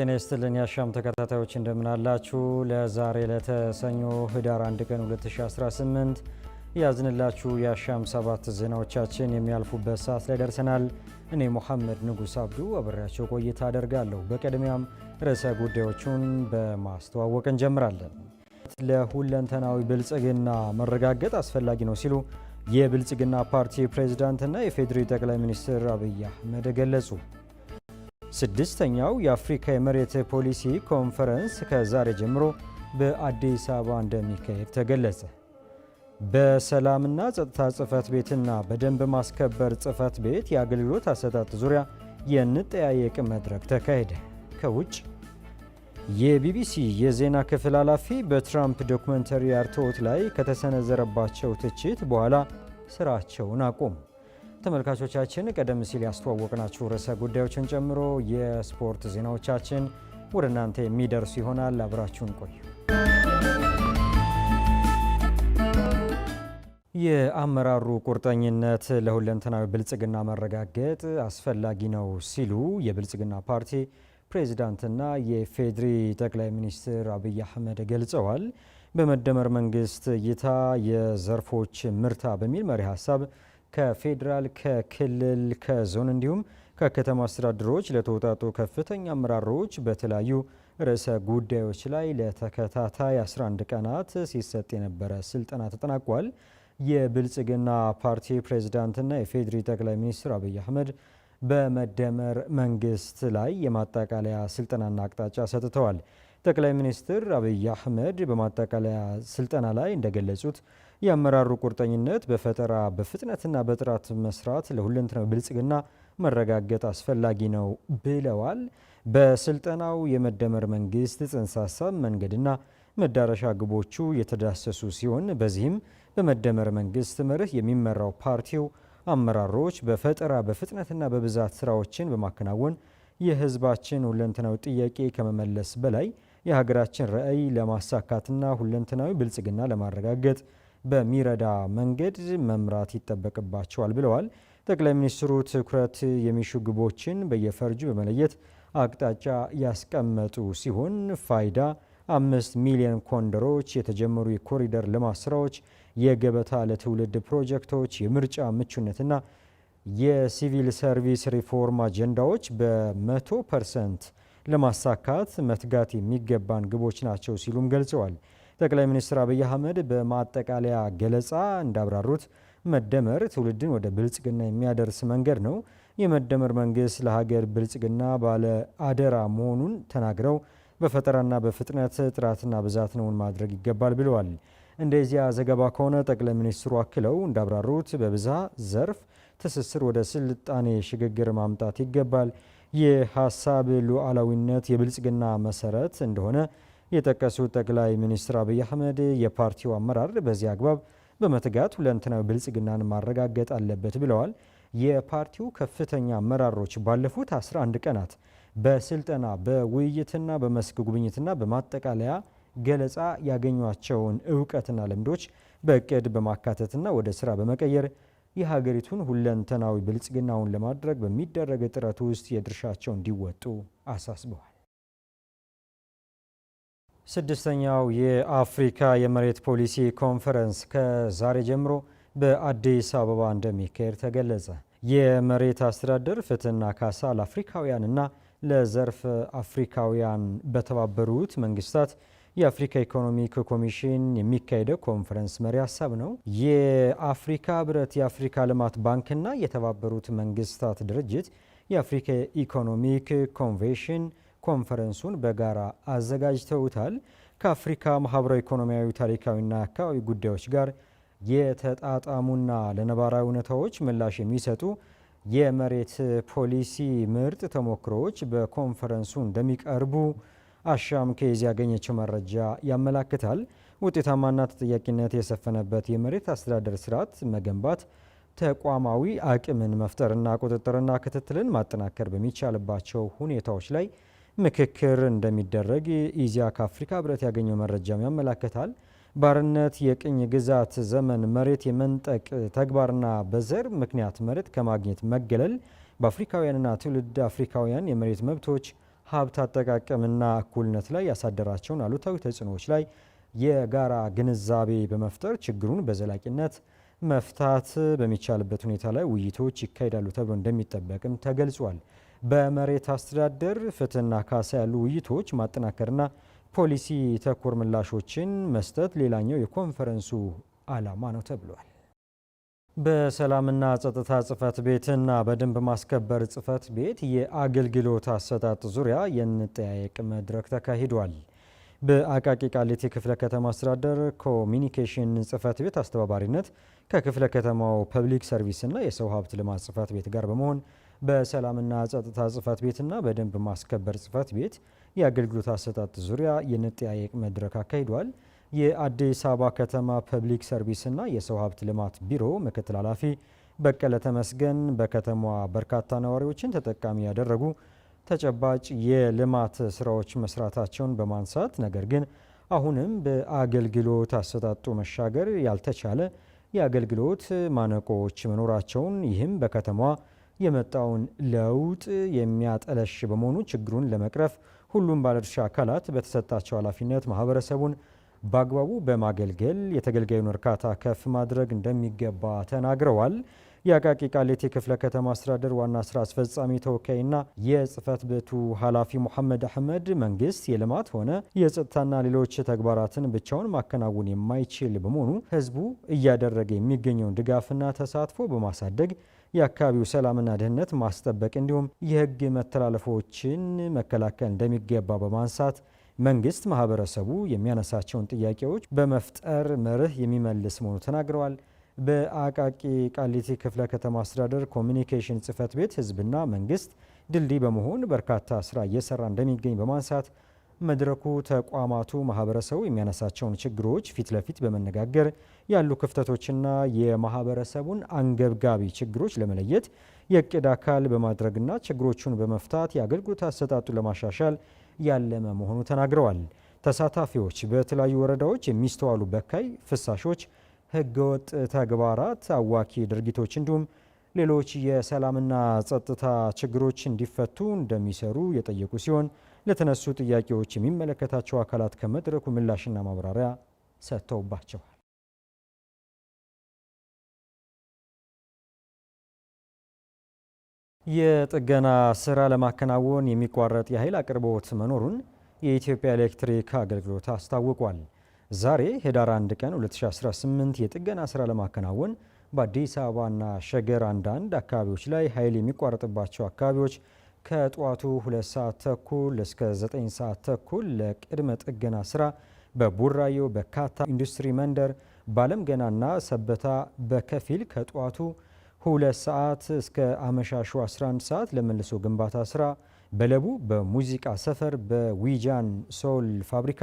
ጤና ይስጥልን የአሻም ተከታታዮች እንደምናላችሁ። ለዛሬ ለተሰኞ ህዳር 1 ቀን 2018 ያዝንላችሁ የአሻም ሰባት ዜናዎቻችን የሚያልፉበት ሰዓት ላይ ደርሰናል። እኔ ሙሐመድ ንጉስ አብዱ አብሬያቸው ቆይታ አደርጋለሁ። በቅድሚያም ርዕሰ ጉዳዮቹን በማስተዋወቅ እንጀምራለን። ለሁለንተናዊ ብልጽግና መረጋገጥ አስፈላጊ ነው ሲሉ የብልጽግና ፓርቲ ፕሬዝዳንትና የፌዴሪ ጠቅላይ ሚኒስትር አብይ አህመድ ገለጹ። ስድስተኛው የአፍሪካ የመሬት ፖሊሲ ኮንፈረንስ ከዛሬ ጀምሮ በአዲስ አበባ እንደሚካሄድ ተገለጸ። በሰላምና ጸጥታ ጽህፈት ቤትና በደንብ ማስከበር ጽህፈት ቤት የአገልግሎት አሰጣጥ ዙሪያ የንጠያየቅ መድረክ ተካሄደ። ከውጭ የቢቢሲ የዜና ክፍል ኃላፊ በትራምፕ ዶክመንተሪ አርትዖት ላይ ከተሰነዘረባቸው ትችት በኋላ ስራቸውን አቆሙ። ተመልካቾቻችን ቀደም ሲል ያስተዋወቅናችሁ ርዕሰ ጉዳዮችን ጨምሮ የስፖርት ዜናዎቻችን ወደ እናንተ የሚደርሱ ይሆናል። አብራችሁን ቆዩ። የአመራሩ ቁርጠኝነት ለሁለንተናዊ ብልጽግና መረጋገጥ አስፈላጊ ነው ሲሉ የብልጽግና ፓርቲ ፕሬዚዳንትና የፌዴሪ ጠቅላይ ሚኒስትር አብይ አህመድ ገልጸዋል። በመደመር መንግስት እይታ የዘርፎች ምርታ በሚል መሪ ሀሳብ ከፌዴራል ከክልል ከዞን እንዲሁም ከከተማ አስተዳደሮች ለተወጣጡ ከፍተኛ አመራሮች በተለያዩ ርዕሰ ጉዳዮች ላይ ለተከታታይ 11 ቀናት ሲሰጥ የነበረ ስልጠና ተጠናቋል። የብልጽግና ፓርቲ ፕሬዚዳንትና የፌዴሪ ጠቅላይ ሚኒስትር አብይ አህመድ በመደመር መንግስት ላይ የማጠቃለያ ስልጠናና አቅጣጫ ሰጥተዋል። ጠቅላይ ሚኒስትር አብይ አህመድ በማጠቃለያ ስልጠና ላይ እንደገለጹት የአመራሩ ቁርጠኝነት በፈጠራ በፍጥነትና በጥራት መስራት ለሁለንተናዊ ብልጽግና መረጋገጥ አስፈላጊ ነው ብለዋል። በስልጠናው የመደመር መንግስት ጽንሰ ሀሳብ መንገድና መዳረሻ ግቦቹ የተዳሰሱ ሲሆን በዚህም በመደመር መንግስት መርህ የሚመራው ፓርቲው አመራሮች በፈጠራ በፍጥነትና በብዛት ስራዎችን በማከናወን የህዝባችን ሁለንተናዊ ጥያቄ ከመመለስ በላይ የሀገራችን ራዕይ ለማሳካትና ሁለንተናዊ ብልጽግና ለማረጋገጥ በሚረዳ መንገድ መምራት ይጠበቅባቸዋል ብለዋል። ጠቅላይ ሚኒስትሩ ትኩረት የሚሹ ግቦችን በየፈርጁ በመለየት አቅጣጫ ያስቀመጡ ሲሆን ፋይዳ አምስት ሚሊዮን ኮንደሮች፣ የተጀመሩ የኮሪደር ልማት ስራዎች፣ የገበታ ለትውልድ ፕሮጀክቶች፣ የምርጫ ምቹነትና የሲቪል ሰርቪስ ሪፎርም አጀንዳዎች በመቶ ፐርሰንት ለማሳካት መትጋት የሚገባን ግቦች ናቸው ሲሉም ገልጸዋል። ጠቅላይ ሚኒስትር አብይ አህመድ በማጠቃለያ ገለጻ እንዳብራሩት መደመር ትውልድን ወደ ብልጽግና የሚያደርስ መንገድ ነው። የመደመር መንግስት ለሀገር ብልጽግና ባለ አደራ መሆኑን ተናግረው በፈጠራና በፍጥነት ጥራትና ብዛት ነውን ማድረግ ይገባል ብለዋል። እንደዚያ ዘገባ ከሆነ ጠቅላይ ሚኒስትሩ አክለው እንዳብራሩት በብዛ ዘርፍ ትስስር ወደ ስልጣኔ ሽግግር ማምጣት ይገባል። የሀሳብ ሉዓላዊነት የብልጽግና መሰረት እንደሆነ የጠቀሱት ጠቅላይ ሚኒስትር አብይ አህመድ የፓርቲው አመራር በዚህ አግባብ በመትጋት ሁለንትናዊ ብልጽግናን ማረጋገጥ አለበት ብለዋል። የፓርቲው ከፍተኛ አመራሮች ባለፉት 11 ቀናት በስልጠና በውይይትና በመስክ ጉብኝትና በማጠቃለያ ገለጻ ያገኟቸውን እውቀትና ልምዶች በእቅድ በማካተትና ወደ ስራ በመቀየር የሀገሪቱን ሁለንተናዊ ብልጽግናውን ለማድረግ በሚደረግ ጥረት ውስጥ የድርሻቸው እንዲወጡ አሳስበዋል። ስድስተኛው የአፍሪካ የመሬት ፖሊሲ ኮንፈረንስ ከዛሬ ጀምሮ በአዲስ አበባ እንደሚካሄድ ተገለጸ። የመሬት አስተዳደር ፍትህና ካሳ ለአፍሪካውያንና ለዘርፍ አፍሪካውያን በተባበሩት መንግስታት የአፍሪካ ኢኮኖሚክ ኮሚሽን የሚካሄደው ኮንፈረንስ መሪ ሀሳብ ነው። የአፍሪካ ህብረት፣ የአፍሪካ ልማት ባንክና የተባበሩት መንግስታት ድርጅት የአፍሪካ ኢኮኖሚክ ኮንቬንሽን ኮንፈረንሱን በጋራ አዘጋጅተውታል። ከአፍሪካ ማህበራዊ፣ ኢኮኖሚያዊ፣ ታሪካዊና አካባቢ ጉዳዮች ጋር የተጣጣሙና ለነባራዊ እውነታዎች ምላሽ የሚሰጡ የመሬት ፖሊሲ ምርጥ ተሞክሮዎች በኮንፈረንሱ እንደሚቀርቡ አሻም ከዚ ያገኘችው መረጃ ያመላክታል። ውጤታማና ተጠያቂነት የሰፈነበት የመሬት አስተዳደር ስርዓት መገንባት ተቋማዊ አቅምን መፍጠርና ቁጥጥርና ክትትልን ማጠናከር በሚቻልባቸው ሁኔታዎች ላይ ምክክር እንደሚደረግ ኢዚያ ከአፍሪካ ህብረት ያገኘው መረጃም ያመላክታል። ባርነት የቅኝ ግዛት ዘመን መሬት የመንጠቅ ተግባርና በዘር ምክንያት መሬት ከማግኘት መገለል በአፍሪካውያንና ትውልድ አፍሪካውያን የመሬት መብቶች፣ ሀብት አጠቃቀምና እኩልነት ላይ ያሳደራቸውን አሉታዊ ተጽዕኖዎች ላይ የጋራ ግንዛቤ በመፍጠር ችግሩን በዘላቂነት መፍታት በሚቻልበት ሁኔታ ላይ ውይይቶች ይካሄዳሉ ተብሎ እንደሚጠበቅም ተገልጿል። በመሬት አስተዳደር ፍትህና ካሳ ያሉ ውይይቶች ማጠናከርና ፖሊሲ ተኮር ምላሾችን መስጠት ሌላኛው የኮንፈረንሱ ዓላማ ነው ተብሏል። በሰላምና ጸጥታ ጽህፈት ቤትና በደንብ ማስከበር ጽህፈት ቤት የአገልግሎት አሰጣጥ ዙሪያ የንጠያየቅ መድረክ ተካሂዷል። በአቃቂ ቃሊቲ ክፍለ ከተማ አስተዳደር ኮሚኒኬሽን ጽህፈት ቤት አስተባባሪነት ከክፍለ ከተማው ፐብሊክ ሰርቪስና የሰው ሀብት ልማት ጽህፈት ቤት ጋር በመሆን በሰላምና ጸጥታ ጽህፈት ቤትና በደንብ ማስከበር ጽህፈት ቤት የአገልግሎት አሰጣጥ ዙሪያ የንጠያየቅ መድረክ አካሂዷል። የአዲስ አበባ ከተማ ፐብሊክ ሰርቪስና የሰው ሀብት ልማት ቢሮ ምክትል ኃላፊ በቀለ ተመስገን በከተማዋ በርካታ ነዋሪዎችን ተጠቃሚ ያደረጉ ተጨባጭ የልማት ስራዎች መስራታቸውን በማንሳት ነገር ግን አሁንም በአገልግሎት አሰጣጡ መሻገር ያልተቻለ የአገልግሎት ማነቆዎች መኖራቸውን ይህም በከተማዋ የመጣውን ለውጥ የሚያጠለሽ በመሆኑ ችግሩን ለመቅረፍ ሁሉም ባለድርሻ አካላት በተሰጣቸው ኃላፊነት ማህበረሰቡን በአግባቡ በማገልገል የተገልጋዩን እርካታ ከፍ ማድረግ እንደሚገባ ተናግረዋል። የአቃቂ ቃሊቲ ክፍለ ከተማ አስተዳደር ዋና ስራ አስፈጻሚ ተወካይና የጽህፈት ቤቱ ኃላፊ ሙሐመድ አህመድ መንግስት የልማት ሆነ የጸጥታና ሌሎች ተግባራትን ብቻውን ማከናወን የማይችል በመሆኑ ህዝቡ እያደረገ የሚገኘውን ድጋፍና ተሳትፎ በማሳደግ የአካባቢው ሰላምና ደህንነት ማስጠበቅ እንዲሁም የህግ መተላለፎችን መከላከል እንደሚገባ በማንሳት መንግስት ማህበረሰቡ የሚያነሳቸውን ጥያቄዎች በመፍጠር መርህ የሚመልስ መሆኑ ተናግረዋል። በአቃቂ ቃሊቲ ክፍለ ከተማ አስተዳደር ኮሚኒኬሽን ጽህፈት ቤት ህዝብና መንግስት ድልድይ በመሆን በርካታ ስራ እየሰራ እንደሚገኝ በማንሳት መድረኩ ተቋማቱ ማህበረሰቡ የሚያነሳቸውን ችግሮች ፊት ለፊት በመነጋገር ያሉ ክፍተቶችና የማህበረሰቡን አንገብጋቢ ችግሮች ለመለየት የእቅድ አካል በማድረግና ችግሮቹን በመፍታት የአገልግሎት አሰጣጡ ለማሻሻል ያለመ መሆኑ ተናግረዋል። ተሳታፊዎች በተለያዩ ወረዳዎች የሚስተዋሉ በካይ ፍሳሾች፣ ህገወጥ ተግባራት፣ አዋኪ ድርጊቶች እንዲሁም ሌሎች የሰላምና ጸጥታ ችግሮች እንዲፈቱ እንደሚሰሩ የጠየቁ ሲሆን ለተነሱ ጥያቄዎች የሚመለከታቸው አካላት ከመድረኩ ምላሽና ማብራሪያ ሰጥተውባቸዋል። የጥገና ስራ ለማከናወን የሚቋረጥ የኃይል አቅርቦት መኖሩን የኢትዮጵያ ኤሌክትሪክ አገልግሎት አስታውቋል። ዛሬ ህዳር 1 ቀን 2018 የጥገና ስራ ለማከናወን በአዲስ አበባና ሸገር አንዳንድ አካባቢዎች ላይ ኃይል የሚቋረጥባቸው አካባቢዎች ከጠዋቱ ሁለት ሰዓት ተኩል እስከ ዘጠኝ ሰዓት ተኩል ለቅድመ ጥገና ስራ በቡራዮ በካታ ኢንዱስትሪ መንደር ባለም ገናና ሰበታ በከፊል ከጠዋቱ ሁለት ሰዓት እስከ አመሻሹ 11 ሰዓት ለመልሶ ግንባታ ስራ በለቡ በሙዚቃ ሰፈር በዊጃን ሶል ፋብሪካ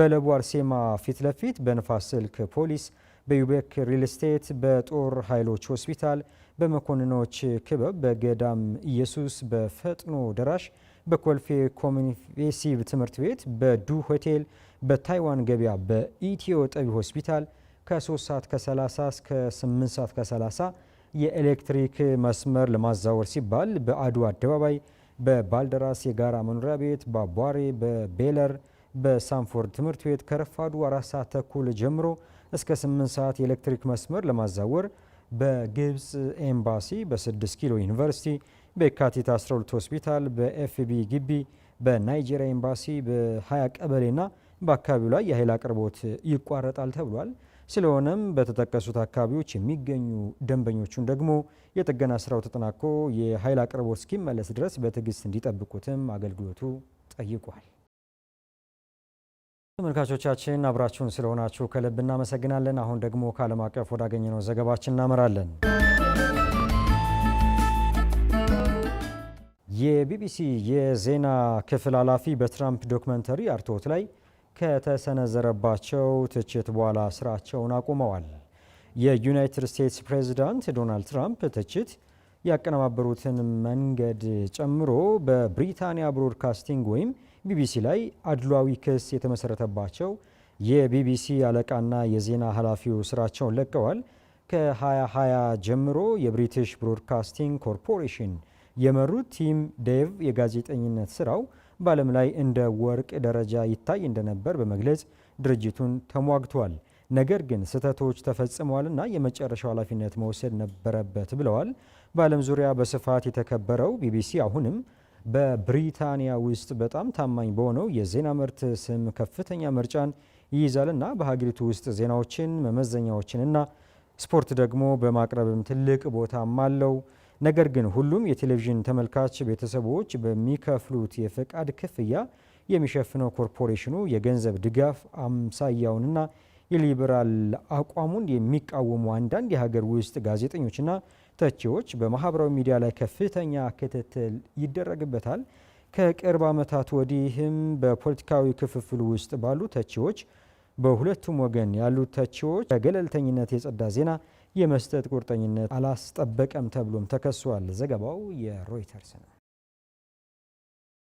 በለቡ አርሴማ ፊት ለፊት በንፋስ ስልክ ፖሊስ በዩቤክ ሪል ስቴት፣ በጦር ኃይሎች ሆስፒታል፣ በመኮንኖች ክበብ፣ በገዳም ኢየሱስ፣ በፈጥኖ ደራሽ፣ በኮልፌ ኮሚኒቬሲቭ ትምህርት ቤት፣ በዱ ሆቴል፣ በታይዋን ገበያ፣ በኢትዮ ጠቢ ሆስፒታል ከ3 ሰዓት ከ30 እስከ 8 ሰዓት ከ30 የኤሌክትሪክ መስመር ለማዛወር ሲባል በአድዋ አደባባይ በባልደራስ የጋራ መኖሪያ ቤት በአቧሬ በቤለር በሳንፎርድ ትምህርት ቤት ከረፋዱ አራት ሰዓት ተኩል ጀምሮ እስከ 8 ሰዓት የኤሌክትሪክ መስመር ለማዛወር በግብፅ ኤምባሲ፣ በ6 ኪሎ ዩኒቨርሲቲ፣ በየካቲት 12 ሆስፒታል፣ በኤፍቢ ግቢ፣ በናይጄሪያ ኤምባሲ፣ በ20 ቀበሌና በአካባቢው ላይ የኃይል አቅርቦት ይቋረጣል ተብሏል። ስለሆነም በተጠቀሱት አካባቢዎች የሚገኙ ደንበኞቹን ደግሞ የጥገና ስራው ተጠናቆ የኃይል አቅርቦት እስኪመለስ ድረስ በትዕግስት እንዲጠብቁትም አገልግሎቱ ጠይቋል። ተመልካቾቻችን አብራችሁን ስለሆናችሁ ከልብ እናመሰግናለን። አሁን ደግሞ ከዓለም አቀፍ ወዳገኘነው ዘገባችን እናመራለን። የቢቢሲ የዜና ክፍል ኃላፊ በትራምፕ ዶክመንተሪ አርትዖት ላይ ከተሰነዘረባቸው ትችት በኋላ ስራቸውን አቁመዋል። የዩናይትድ ስቴትስ ፕሬዚዳንት ዶናልድ ትራምፕ ትችት ያቀነባበሩትን መንገድ ጨምሮ በብሪታንያ ብሮድካስቲንግ ወይም ቢቢሲ ላይ አድሏዊ ክስ የተመሰረተባቸው የቢቢሲ አለቃና የዜና ኃላፊው ስራቸውን ለቀዋል። ከ2020 ጀምሮ የብሪቲሽ ብሮድካስቲንግ ኮርፖሬሽን የመሩት ቲም ዴቭ የጋዜጠኝነት ስራው በዓለም ላይ እንደ ወርቅ ደረጃ ይታይ እንደነበር በመግለጽ ድርጅቱን ተሟግቷል። ነገር ግን ስህተቶች ተፈጽመዋልና የመጨረሻው ኃላፊነት መውሰድ ነበረበት ብለዋል። በዓለም ዙሪያ በስፋት የተከበረው ቢቢሲ አሁንም በብሪታንያ ውስጥ በጣም ታማኝ በሆነው የዜና ምርት ስም ከፍተኛ ምርጫን ይይዛልና በሀገሪቱ ውስጥ ዜናዎችን፣ መመዘኛዎችንና ስፖርት ደግሞ በማቅረብም ትልቅ ቦታም አለው። ነገር ግን ሁሉም የቴሌቪዥን ተመልካች ቤተሰቦች በሚከፍሉት የፈቃድ ክፍያ የሚሸፍነው ኮርፖሬሽኑ የገንዘብ ድጋፍ አምሳያውንና የሊበራል አቋሙን የሚቃወሙ አንዳንድ የሀገር ውስጥ ጋዜጠኞችና ተቺዎች በማህበራዊ ሚዲያ ላይ ከፍተኛ ክትትል ይደረግበታል። ከቅርብ ዓመታት ወዲህም በፖለቲካዊ ክፍፍል ውስጥ ባሉ ተቺዎች በሁለቱም ወገን ያሉ ተቺዎች ከገለልተኝነት የጸዳ ዜና የመስጠት ቁርጠኝነት አላስጠበቀም ተብሎም ተከሷል። ዘገባው የሮይተርስ ነው።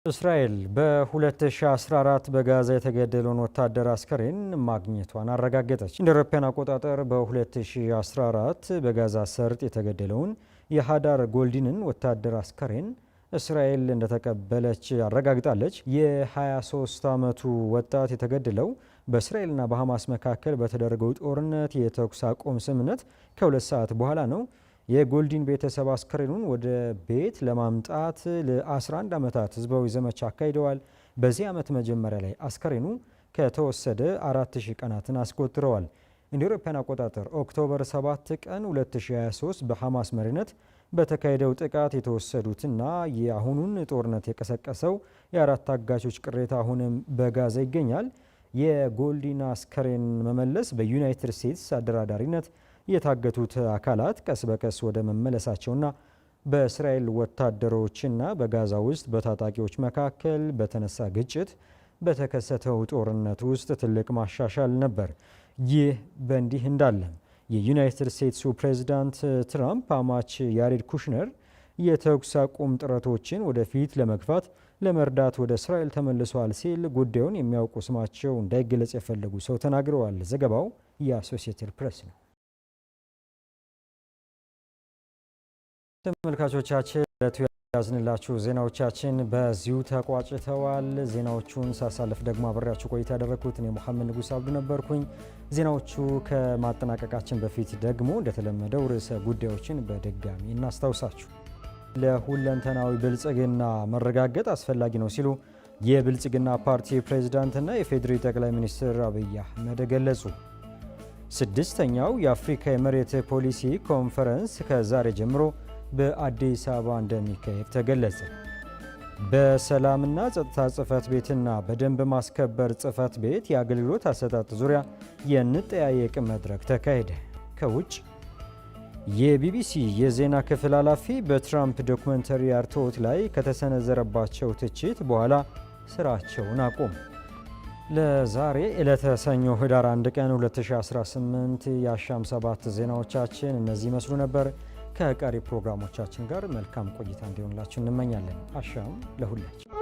እስራኤል በ2014 በጋዛ የተገደለውን ወታደር አስከሬን ማግኘቷን አረጋገጠች። እንደ አውሮፓውያን አቆጣጠር በ2014 በጋዛ ሰርጥ የተገደለውን የሃዳር ጎልዲንን ወታደር አስከሬን እስራኤል እንደተቀበለች አረጋግጣለች። የ23 ዓመቱ ወጣት የተገደለው በእስራኤልና በሐማስ መካከል በተደረገው ጦርነት የተኩስ አቁም ስምምነት ከሁለት ሰዓት በኋላ ነው። የጎልዲን ቤተሰብ አስክሬኑን ወደ ቤት ለማምጣት ለ11 ዓመታት ህዝባዊ ዘመቻ አካሂደዋል። በዚህ ዓመት መጀመሪያ ላይ አስክሬኑ ከተወሰደ 4000 ቀናትን አስቆጥረዋል። እንደ አውሮፓውያን አቆጣጠር ኦክቶበር 7 ቀን 2023 በሐማስ መሪነት በተካሄደው ጥቃት የተወሰዱትና የአሁኑን ጦርነት የቀሰቀሰው የአራት አጋቾች ቅሬታ አሁንም በጋዛ ይገኛል። የጎልዲን አስከሬን መመለስ በዩናይትድ ስቴትስ አደራዳሪነት የታገቱት አካላት ቀስ በቀስ ወደ መመለሳቸውና በእስራኤል ወታደሮችና በጋዛ ውስጥ በታጣቂዎች መካከል በተነሳ ግጭት በተከሰተው ጦርነት ውስጥ ትልቅ ማሻሻል ነበር። ይህ በእንዲህ እንዳለ የዩናይትድ ስቴትሱ ፕሬዚዳንት ትራምፕ አማች ያሬድ ኩሽነር የተኩስ አቁም ጥረቶችን ወደፊት ለመግፋት ለመርዳት ወደ እስራኤል ተመልሰዋል ሲል ጉዳዩን የሚያውቁ ስማቸው እንዳይገለጽ የፈለጉ ሰው ተናግረዋል። ዘገባው የአሶሲየትድ ፕሬስ ነው። ተመልካቾቻችን ለቱ ያዝንላችሁ ዜናዎቻችን በዚሁ ተቋጭተዋል። ዜናዎቹን ሳሳልፍ ደግሞ አብሬያችሁ ቆይታ ያደረግኩት እኔ ሙሐመድ ንጉስ አብዱ ነበርኩኝ። ዜናዎቹ ከማጠናቀቃችን በፊት ደግሞ እንደተለመደው ርዕሰ ጉዳዮችን በድጋሚ እናስታውሳችሁ። ለሁለንተናዊ ብልጽግና መረጋገጥ አስፈላጊ ነው ሲሉ የብልጽግና ፓርቲ ፕሬዝዳንትና የፌዴሬ ጠቅላይ ሚኒስትር አብይ አህመድ ገለጹ። ስድስተኛው የአፍሪካ የመሬት ፖሊሲ ኮንፈረንስ ከዛሬ ጀምሮ በአዲስ አበባ እንደሚካሄድ ተገለጸ። በሰላምና ጸጥታ ጽህፈት ቤትና በደንብ ማስከበር ጽህፈት ቤት የአገልግሎት አሰጣጥ ዙሪያ የንጠያየቅ መድረክ ተካሄደ። ከውጭ የቢቢሲ የዜና ክፍል ኃላፊ በትራምፕ ዶክመንተሪ አርትዖት ላይ ከተሰነዘረባቸው ትችት በኋላ ስራቸውን አቆሙ። ለዛሬ ዕለተ ሰኞ ህዳር 1 ቀን 2018 የአሻም ሰባት ዜናዎቻችን እነዚህ ይመስሉ ነበር። ከቀሪ ፕሮግራሞቻችን ጋር መልካም ቆይታ እንዲሆንላችሁ እንመኛለን። አሻም ለሁላችን